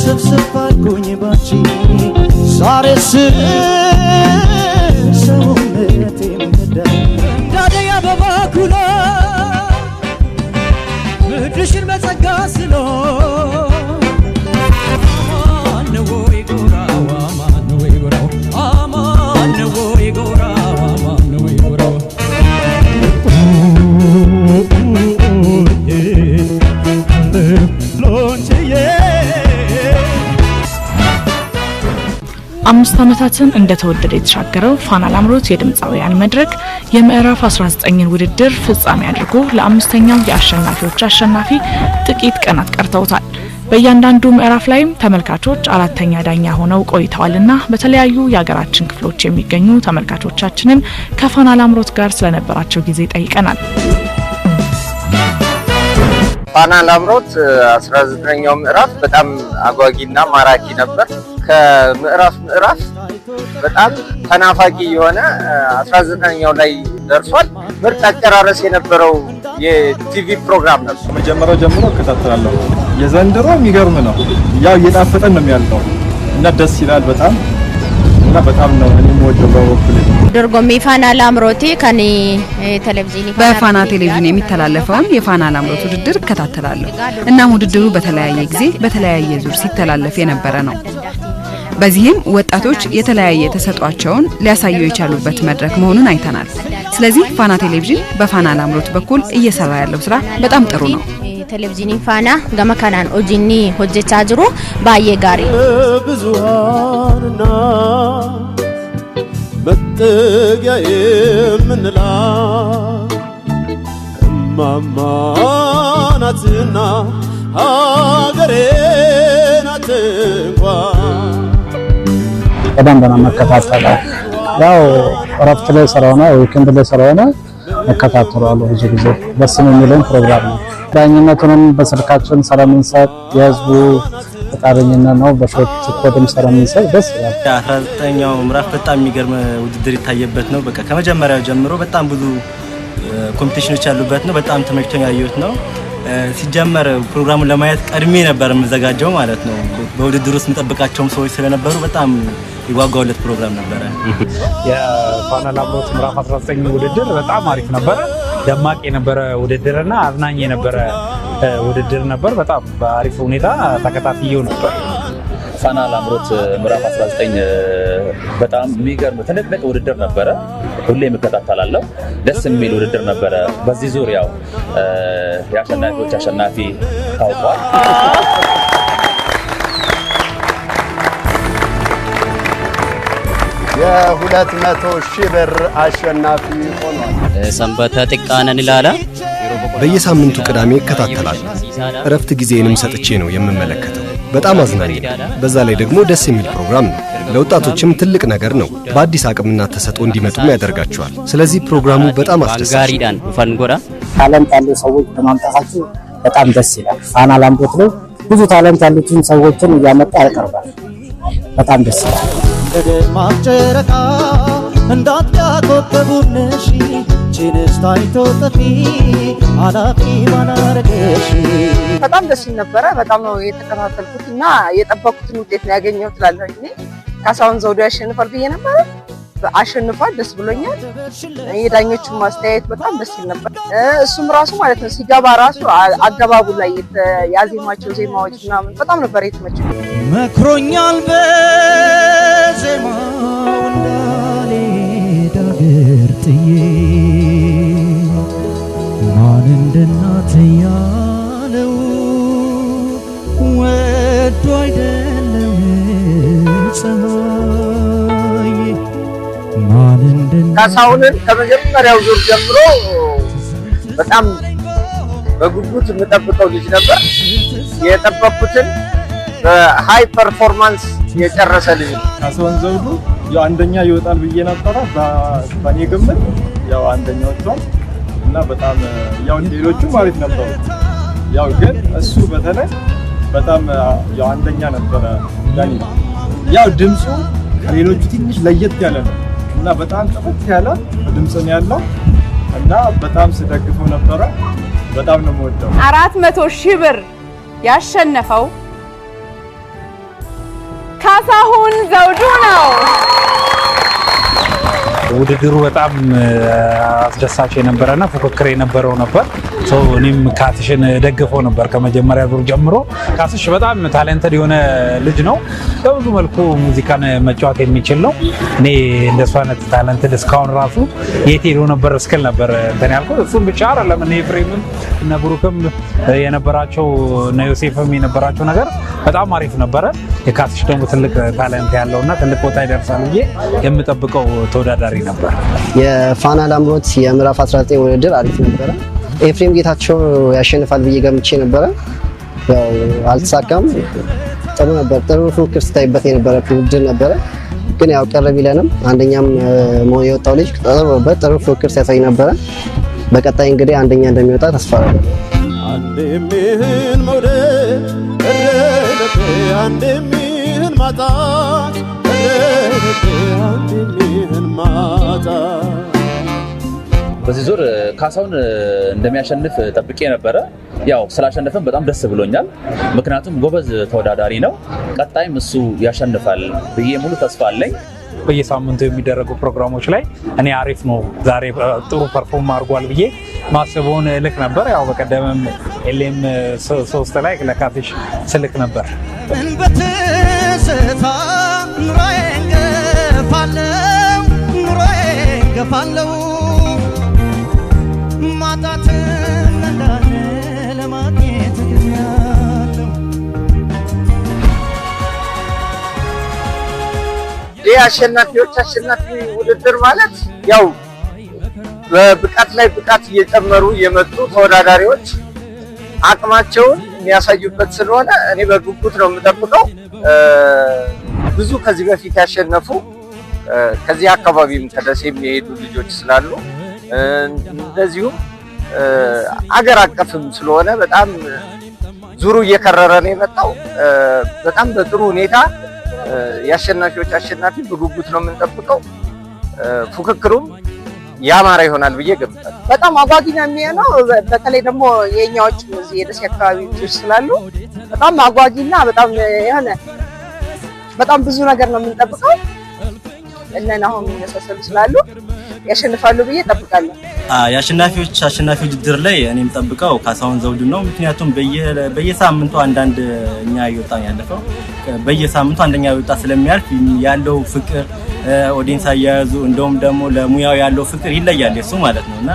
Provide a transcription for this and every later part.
ስብስብ አልኩኝ ባንቺ ዛሬስ ሰውነቴ ምዳ 15 ዓመታትን እንደተወደደ የተሻገረው ፋና ላምሮት የድምፃውያን መድረክ የምዕራፍ 19ን ውድድር ፍጻሜ አድርጎ ለአምስተኛው የአሸናፊዎች አሸናፊ ጥቂት ቀናት ቀርተውታል። በእያንዳንዱ ምዕራፍ ላይም ተመልካቾች አራተኛ ዳኛ ሆነው ቆይተዋልና በተለያዩ የሀገራችን ክፍሎች የሚገኙ ተመልካቾቻችንን ከፋና ላምሮት ጋር ስለነበራቸው ጊዜ ጠይቀናል። ፋና ላምሮት 19ኛው ምዕራፍ በጣም አጓጊና ማራኪ ነበር። ከምዕራፍ ምዕራፍ በጣም ተናፋቂ የሆነ 19ኛው ላይ ደርሷል። ምርጥ አጨራረስ የነበረው የቲቪ ፕሮግራም ነው። ከመጀመሪያው ጀምሮ እከታተላለሁ። የዘንድሮ የሚገርም ነው። ያው እየጣፈጠን ነው የሚያልቀው እና ደስ ይላል በጣም እና በጣም ነው እኔ የምወደው በበኩሌ ድርጎሜ ፋና ላምሮቴ ከኒ ቴሌቪዥን በፋና ቴሌቪዥን የሚተላለፈውን የፋና ላምሮት ውድድር እከታተላለሁ። እናም ውድድሩ በተለያየ ጊዜ በተለያየ ዙር ሲተላለፍ የነበረ ነው። በዚህም ወጣቶች የተለያየ ተሰጧቸውን ሊያሳዩ የቻሉበት መድረክ መሆኑን አይተናል። ስለዚህ ፋና ቴሌቪዥን በፋና ላምሮት በኩል እየሰራ ያለው ስራ በጣም ጥሩ ነው። ቴሌቪዥን ፋና ገመከናን ኦጂኒ ሆጀቻ ጅሩ ባየ ጋሪ ብዙሃንና መጠጊያ የምንላት እማማ ሀገሬ በደንብ ነው መከታተለው። ያው እረፍት ላይ ስለሆነ ዊክንድ ላይ ስለሆነ መከታተለዋለሁ ብዙ ጊዜ ደስ የሚለኝ ፕሮግራም ነው። ዳኝነቱንም በስልካችን ስለምንሰጥ የህዝቡ ፈቃደኝነት ነው። በሾት ኮድም ስለምንሰጥ ደስ ይላል። 19ኛው ምዕራፍ በጣም የሚገርም ውድድር ይታየበት ነው። በቃ ከመጀመሪያው ጀምሮ በጣም ብዙ ኮምፒቲሽኖች ያሉበት ነው። በጣም ተመችቶኝ ያየሁት ነው። ሲጀመር ፕሮግራሙን ለማየት ቀድሜ ነበር የምዘጋጀው ማለት ነው። በውድድር ውስጥ የምጠብቃቸውም ሰዎች ስለነበሩ በጣም ይጓጓውለት ፕሮግራም ነበረ። የፋና ላምሮት ምዕራፍ 19 ውድድር በጣም አሪፍ ነበረ። ደማቅ የነበረ ውድድርና አዝናኝ የነበረ ውድድር ነበር። በጣም በአሪፍ ሁኔታ ተከታትዬው ነበር። ፋና ላምሮት ምዕራፍ 19 በጣም የሚገርም ትንቅንቅ ውድድር ነበረ። ሁሌ የምከታተላለሁ። ደስ የሚል ውድድር ነበረ። በዚህ ዙሪያው የአሸናፊዎች አሸናፊ ታውቋል። የሁለት መቶ ሺህ ብር አሸናፊ ሆኗል። ሰንበተ ጥቃነን ላላ በየሳምንቱ ቅዳሜ እከታተላለሁ። እረፍት ጊዜንም ሰጥቼ ነው የምመለከተው። በጣም አዝናኝ ነው። በዛ ላይ ደግሞ ደስ የሚል ፕሮግራም ነው። ለወጣቶችም ትልቅ ነገር ነው። በአዲስ አቅምና ተሰጥኦ እንዲመጡም ያደርጋቸዋል። ስለዚህ ፕሮግራሙ በጣም አስደሳች ታለንት ያለው ሰዎች በማምጣታቸው በጣም ደስ ይላል። ፋና ላምሮት ላይ ብዙ ታለንት ያሉትን ሰዎችን እያመጣ ያቀርባል። በጣም ደስ ይላል። አንቺንስ ታይቶ ጥፊ አላፊ ባላርገሽ በጣም ደስ ይል ነበረ። በጣም ነው የተከታተልኩት እና የጠበኩትን ውጤት ነው ያገኘው ትላለሁ እኔ ካሳሁን ዘውዱ ያሸንፋል ብዬ ነበረ። አሸንፏል። ደስ ብሎኛል። የዳኞቹን ማስተያየት በጣም ደስ ይል ነበር። እሱም ራሱ ማለት ነው ሲገባ ራሱ አገባቡ ላይ ያዜማቸው ዜማዎች ምናምን በጣም ነበር የተመቸው። መክሮኛል በዜማ ያለው ወዶ አይደለም ፀሐይ ማን ካሳሁንን ከመጀመሪያው ዙር ጀምሮ በጣም በጉጉት የምጠብቀው ልጅ ነበር። የጠበኩትን በሀይ ፐርፎርማንስ የጨረሰ ልጅ ነው። ካሳሁን ዘውዱ ያው አንደኛ ይወጣል ብዬ ነበረ በኔ ግምት ያው አንደኛ ወጥቷል። እና በጣም ያው ሌሎቹም አሪፍ ነበሩ። ያው ግን እሱ በተለይ በጣም ያው አንደኛ ነበረ ለኔ። ያው ድምፁ ከሌሎቹ ትንሽ ለየት ያለ ነው እና በጣም ጥፍት ያለ ድምፅ ነው ያለው እና በጣም ስደግፈው ነበረ። በጣም ነው የምወደው። አራት መቶ ሺህ ብር ያሸነፈው ካሳሁን ዘውዱ ነው። ውድድሩ በጣም አስደሳች የነበረና ፉክክር የነበረው ነበር። እኔም ካትሽን ደግፈው ነበር ከመጀመሪያ ዙር ጀምሮ። ካስሽ በጣም ታለንተድ የሆነ ልጅ ነው። በብዙ መልኩ ሙዚቃን መጫወት የሚችል ነው። እኔ እንደሱ አይነት ታለንትድ እስካሁን ራሱ የት ሄዶ ነበር እስክል ነበር እንትን ያልኩት። እሱም ብቻ አይደለም እኔ ፍሬምም እነ ብሩክም የነበራቸው እነ ዮሴፍም የነበራቸው ነገር በጣም አሪፍ ነበረ። የካትሽ ደግሞ ትልቅ ታለንት ያለውና ትልቅ ቦታ ይደርሳል ብዬ የምጠብቀው ተወዳዳሪ ነበር። የፋና ላምሮት የምዕራፍ 19 ውድድር አሪፍ ነበረ። ኤፍሬም ጌታቸው ያሸንፋል ብዬ ገምቼ ነበረ፣ አልተሳካም። ጥሩ ነበር። ጥሩ ፉክክር ስታይበት የነበረ ውድድር ነበረ። ግን ያው ቀረብ ይለንም አንደኛም መሆን የወጣው ልጅ ጥሩ ፉክክር ሲያሳይ ነበረ። በቀጣይ እንግዲህ አንደኛ እንደሚወጣ ተስፋ አንድም ይህን ማጣት በዚህ ዙር ካሳውን እንደሚያሸንፍ ጠብቄ ነበረ። ያው ስላሸነፈም በጣም ደስ ብሎኛል። ምክንያቱም ጎበዝ ተወዳዳሪ ነው። ቀጣይም እሱ ያሸንፋል ብዬ ሙሉ ተስፋ አለኝ። በየሳምንቱ የሚደረጉ ፕሮግራሞች ላይ እኔ አሪፍ ነው ዛሬ ጥሩ ፐርፎርም አድርጓል ብዬ ማስበውን እልክ ነበር። ያው በቀደምም ኤሌም ሶስት ላይ ለካፊሽ ስልክ ነበር። ኑሮዬ ገፋለው ገፋለው አሸናፊዎች አሸናፊ ውድድር ማለት ያው በብቃት ላይ ብቃት እየጨመሩ የመጡ ተወዳዳሪዎች አቅማቸውን የሚያሳዩበት ስለሆነ እኔ በጉጉት ነው የምጠብቀው። ብዙ ከዚህ በፊት ያሸነፉ ከዚህ አካባቢም ከደሴ የሚሄዱ ልጆች ስላሉ እንደዚሁም አገር አቀፍም ስለሆነ በጣም ዙሩ እየከረረ ነው የመጣው። በጣም በጥሩ ሁኔታ የአሸናፊዎች አሸናፊ በጉጉት ነው የምንጠብቀው። ፉክክሩም ያማረ ይሆናል ብዬ ገምታለሁ። በጣም አጓጊ ነው የሚሆነው። በተለይ ደግሞ የእኛዎች እዚህ የደሴ አካባቢ ልጆች ስላሉ በጣም አጓጊና በጣም የሆነ በጣም ብዙ ነገር ነው የምንጠብቀው እነን አሁን የሚመሳሰሉ ስላሉ ያሸንፋሉ ብዬ እጠብቃለሁ። የአሸናፊዎች አሸናፊ ውድድር ላይ እኔ የምጠብቀው ካሳሁን ዘውድ ነው። ምክንያቱም በየሳምንቱ አንዳንድ እኛ እየወጣ ያለፈው በየሳምንቱ አንደኛ ወጣ ስለሚያልፍ ያለው ፍቅር ኦዲንስ አያያዙ እንደውም ደግሞ ለሙያው ያለው ፍቅር ይለያል የሱ ማለት ነው እና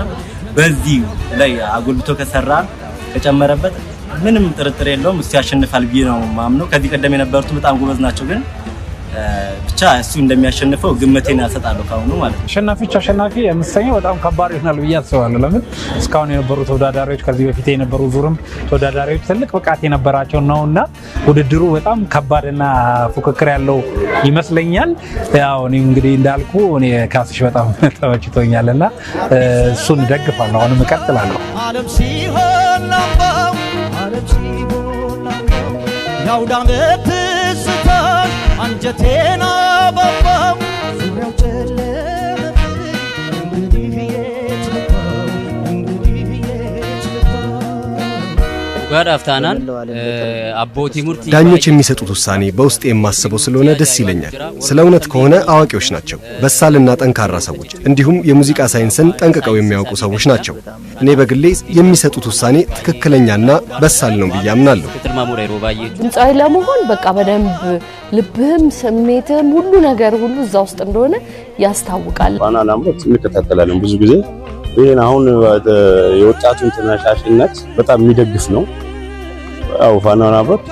በዚህ ላይ አጎልብቶ ከሰራ ከጨመረበት ምንም ጥርጥር የለውም እሱ ያሸንፋል ብዬ ነው ማምነው። ከዚህ ቀደም የነበሩት በጣም ጎበዝ ናቸው ግን ብቻ እሱ እንደሚያሸንፈው ግምቴን ያሰጣሉ። ካሁኑ ማለት ነው። አሸናፊዎች አሸናፊ የምሰኘው በጣም ከባድ ይሆናል ብዬ አስባለሁ። ለምን እስካሁን የነበሩ ተወዳዳሪዎች ከዚህ በፊት የነበሩ ዙርም ተወዳዳሪዎች ትልቅ ብቃት የነበራቸው ነው እና ውድድሩ በጣም ከባድና ፉክክር ያለው ይመስለኛል። ያው እኔም እንግዲህ እንዳልኩ እኔ ካስሽ በጣም ተመችቶኛል እና እሱን ደግፋለሁ። አሁንም እቀጥላለሁ። ዓለም ሲሆን ላምባው ዓለም ሲሆን ላምባው አንጀቴና በባው ዙሪያው ጨለ አፍታናን ዳኞች የሚሰጡት ውሳኔ በውስጥ የማስበው ስለሆነ ደስ ይለኛል። ስለ እውነት ከሆነ አዋቂዎች ናቸው፣ በሳልና ጠንካራ ሰዎች፣ እንዲሁም የሙዚቃ ሳይንስን ጠንቅቀው የሚያውቁ ሰዎች ናቸው። እኔ በግሌ የሚሰጡት ውሳኔ ትክክለኛና በሳል ነው ብዬ አምናለሁ። ድምፃዊ ለመሆን በቃ በደንብ ልብህም ስሜትህም ሁሉ ነገር ሁሉ እዛ ውስጥ እንደሆነ ያስታውቃል። ፋና ላምሮት እንከታተላለን ብዙ ጊዜ ይህን አሁን የወጣቱን ተነሳሽነት በጣም የሚደግፍ ነው። ያው ፋናና ብረት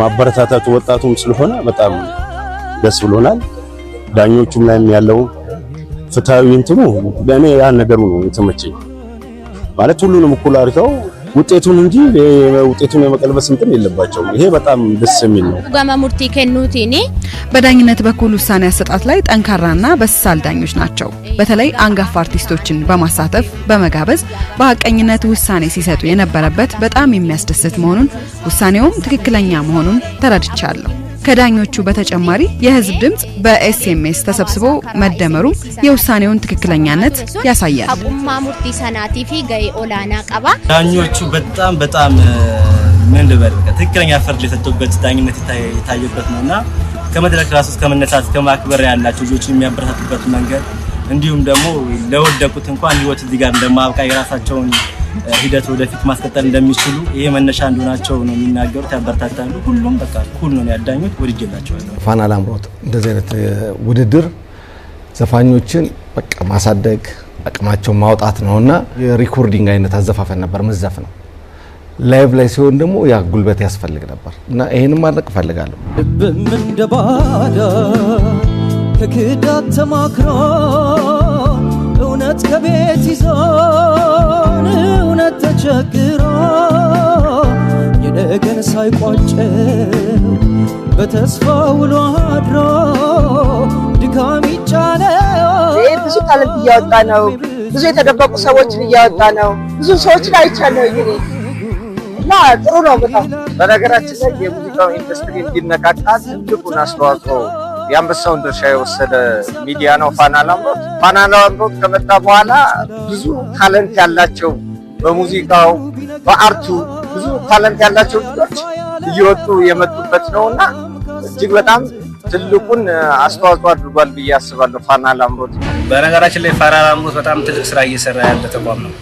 ማበረታታቱ ወጣቱም ስለሆነ በጣም ደስ ብሎናል። ዳኞቹም ላይም ያለው ፍትሃዊ እንትኑ ለእኔ ያን ነገሩ ነው የተመቸኝ ማለት ሁሉንም እኩል አድርገው ውጤቱን እንጂ ውጤቱን የመቀልበስ እንትን የለባቸውም። ይሄ በጣም ደስ የሚል ነው። ጋማ ሙርቲ ከኑት እኔ በዳኝነት በኩል ውሳኔ አሰጣት ላይ ጠንካራና በሳል ዳኞች ናቸው። በተለይ አንጋፋ አርቲስቶችን በማሳተፍ በመጋበዝ በሀቀኝነት ውሳኔ ሲሰጡ የነበረበት በጣም የሚያስደስት መሆኑን ውሳኔውም ትክክለኛ መሆኑን ተረድቻለሁ። ከዳኞቹ በተጨማሪ የህዝብ ድምፅ በኤስኤምኤስ ተሰብስቦ መደመሩ የውሳኔውን ትክክለኛነት ያሳያል። ዳኞቹ በጣም በጣም ምን ልበል ትክክለኛ ፍርድ የሰጡበት ዳኝነት የታየበት ነው እና ከመድረክ ራሱ እስከ መነሳት ከማክበር ያላቸው ልጆችን የሚያበረታቱበት መንገድ እንዲሁም ደግሞ ለወደቁት እንኳን ህይወት እዚህ ጋር እንደማብቃ የራሳቸውን ሂደት ወደፊት ማስቀጠል እንደሚችሉ ይሄ መነሻ እንደሆናቸው ነው የሚናገሩት። ያበረታታሉ። ሁሉም በቃ ኩል ነው ያዳኙት። ወድጄላቸዋለሁ። ፋና ላምሮት እንደዚህ አይነት ውድድር ዘፋኞችን በቃ ማሳደግ አቅማቸውን ማውጣት ነውና የሪኮርዲንግ አይነት አዘፋፈን ነበር ምዘፍ ነው። ላይቭ ላይ ሲሆን ደግሞ ያ ጉልበት ያስፈልግ ነበር እና ይሄንም ማድረግ እፈልጋለሁ። ልብም እንደ ባዳ ተክዳት ተማክራ እስከ ከቤት ይዞን እውነት ተቸግሮ የነገን ሳይቋጭ በተስፋ ውሎ አድሮ ድካም ይጫነው ብዙ ታለንት እያወጣ ነው። ብዙ የተደበቁ ሰዎችን እያወጣ ነው። ብዙ ሰዎችን አይቻለሁ ይ እና ጥሩ ነው በጣም በነገራችን ላይ የሙዚቃው ኢንዱስትሪ እንዲነቃቃ ትልቁን አስተዋጽኦ የአንበሳውን ድርሻ የወሰደ ሚዲያ ነው ፋና ላምሮት። ፋና ላምሮት ከመጣ በኋላ ብዙ ታለንት ያላቸው በሙዚቃው በአርቱ ብዙ ታለንት ያላቸው ልጆች እየወጡ የመጡበት ነው እና እጅግ በጣም ትልቁን አስተዋጽኦ አድርጓል ብዬ አስባለሁ ፋና ላምሮት። በነገራችን ላይ ፋና ላምሮት በጣም ትልቅ ስራ እየሰራ ያለ ተቋም ነው።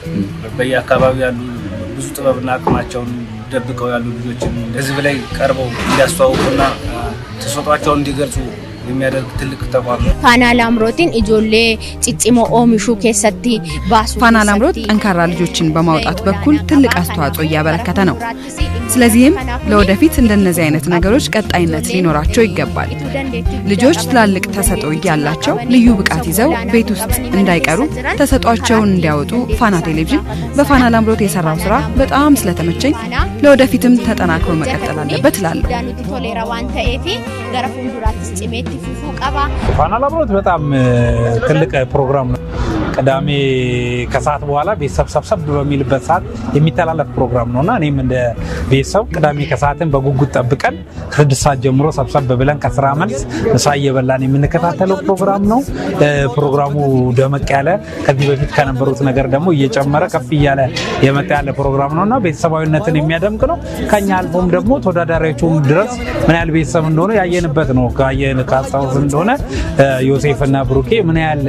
በየአካባቢው ያሉ ብዙ ጥበብና አቅማቸውን ደብቀው ያሉ ልጆችን ህዝብ ላይ ቀርበው እንዲያስተዋውቁና ተሰጧቸውን እንዲገልጹ የሚያደርግ ትልቅ ተቋም ነው። ፋና ላምሮትን ኢጆሌ ጭጭሞ ኦሚሹ ኬሰቲ ባሱ ፋና ላምሮት ጠንካራ ልጆችን በማውጣት በኩል ትልቅ አስተዋጽኦ እያበረከተ ነው። ስለዚህም ለወደፊት እንደነዚህ አይነት ነገሮች ቀጣይነት ሊኖራቸው ይገባል። ልጆች ትላልቅ ተሰጥኦ እያላቸው ልዩ ብቃት ይዘው ቤት ውስጥ እንዳይቀሩ ተሰጧቸውን እንዲያወጡ ፋና ቴሌቪዥን በፋና ላምሮት የሰራው ስራ በጣም ስለተመቸኝ ለወደፊትም ተጠናክሮ መቀጠል አለበት እላለሁ። ፋና ላምሮት በጣም ትልቅ ፕሮግራም ነው። ቅዳሜ ከሰዓት በኋላ ቤተሰብ ሰብሰብ በሚልበት ሰዓት የሚተላለፍ ፕሮግራም ነው እና እኔም እንደ ቤተሰብ ቅዳሜ ከሰዓትን በጉጉት ጠብቀን ከስድስት ሰዓት ጀምሮ ሰብሰብ ብለን ከስራ መልስ ምሳ እየበላን የምንከታተለው ፕሮግራም ነው። ፕሮግራሙ ደመቅ ያለ ከዚህ በፊት ከነበሩት ነገር ደግሞ እየጨመረ ከፍ እያለ የመጣ ያለ ፕሮግራም ነው እና ቤተሰባዊነትን የሚያደምቅ ነው። ከኛ አልፎም ደግሞ ተወዳዳሪዎቹም ድረስ ምን ያህል ቤተሰብ እንደሆነ ያየንበት ነው። ካስታውስ እንደሆነ ዮሴፍና ብሩኬ ምን ያህል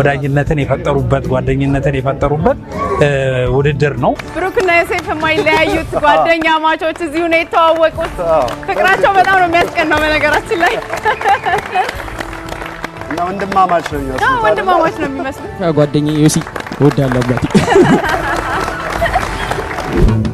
ወዳጅነትን የፈጠሩ የፈጠሩበት ጓደኝነትን የፈጠሩበት ውድድር ነው። ብሩክና ዮሴፍ የማይለያዩት ጓደኛ ማቾች እዚሁ ነው የተዋወቁት። ፍቅራቸው በጣም ነው የሚያስቀናው። በነገራችን ላይ ወንድማማች ነው ወንድማማች ነው የሚመስሉት። ጓደኛ ዮሲ አባቴ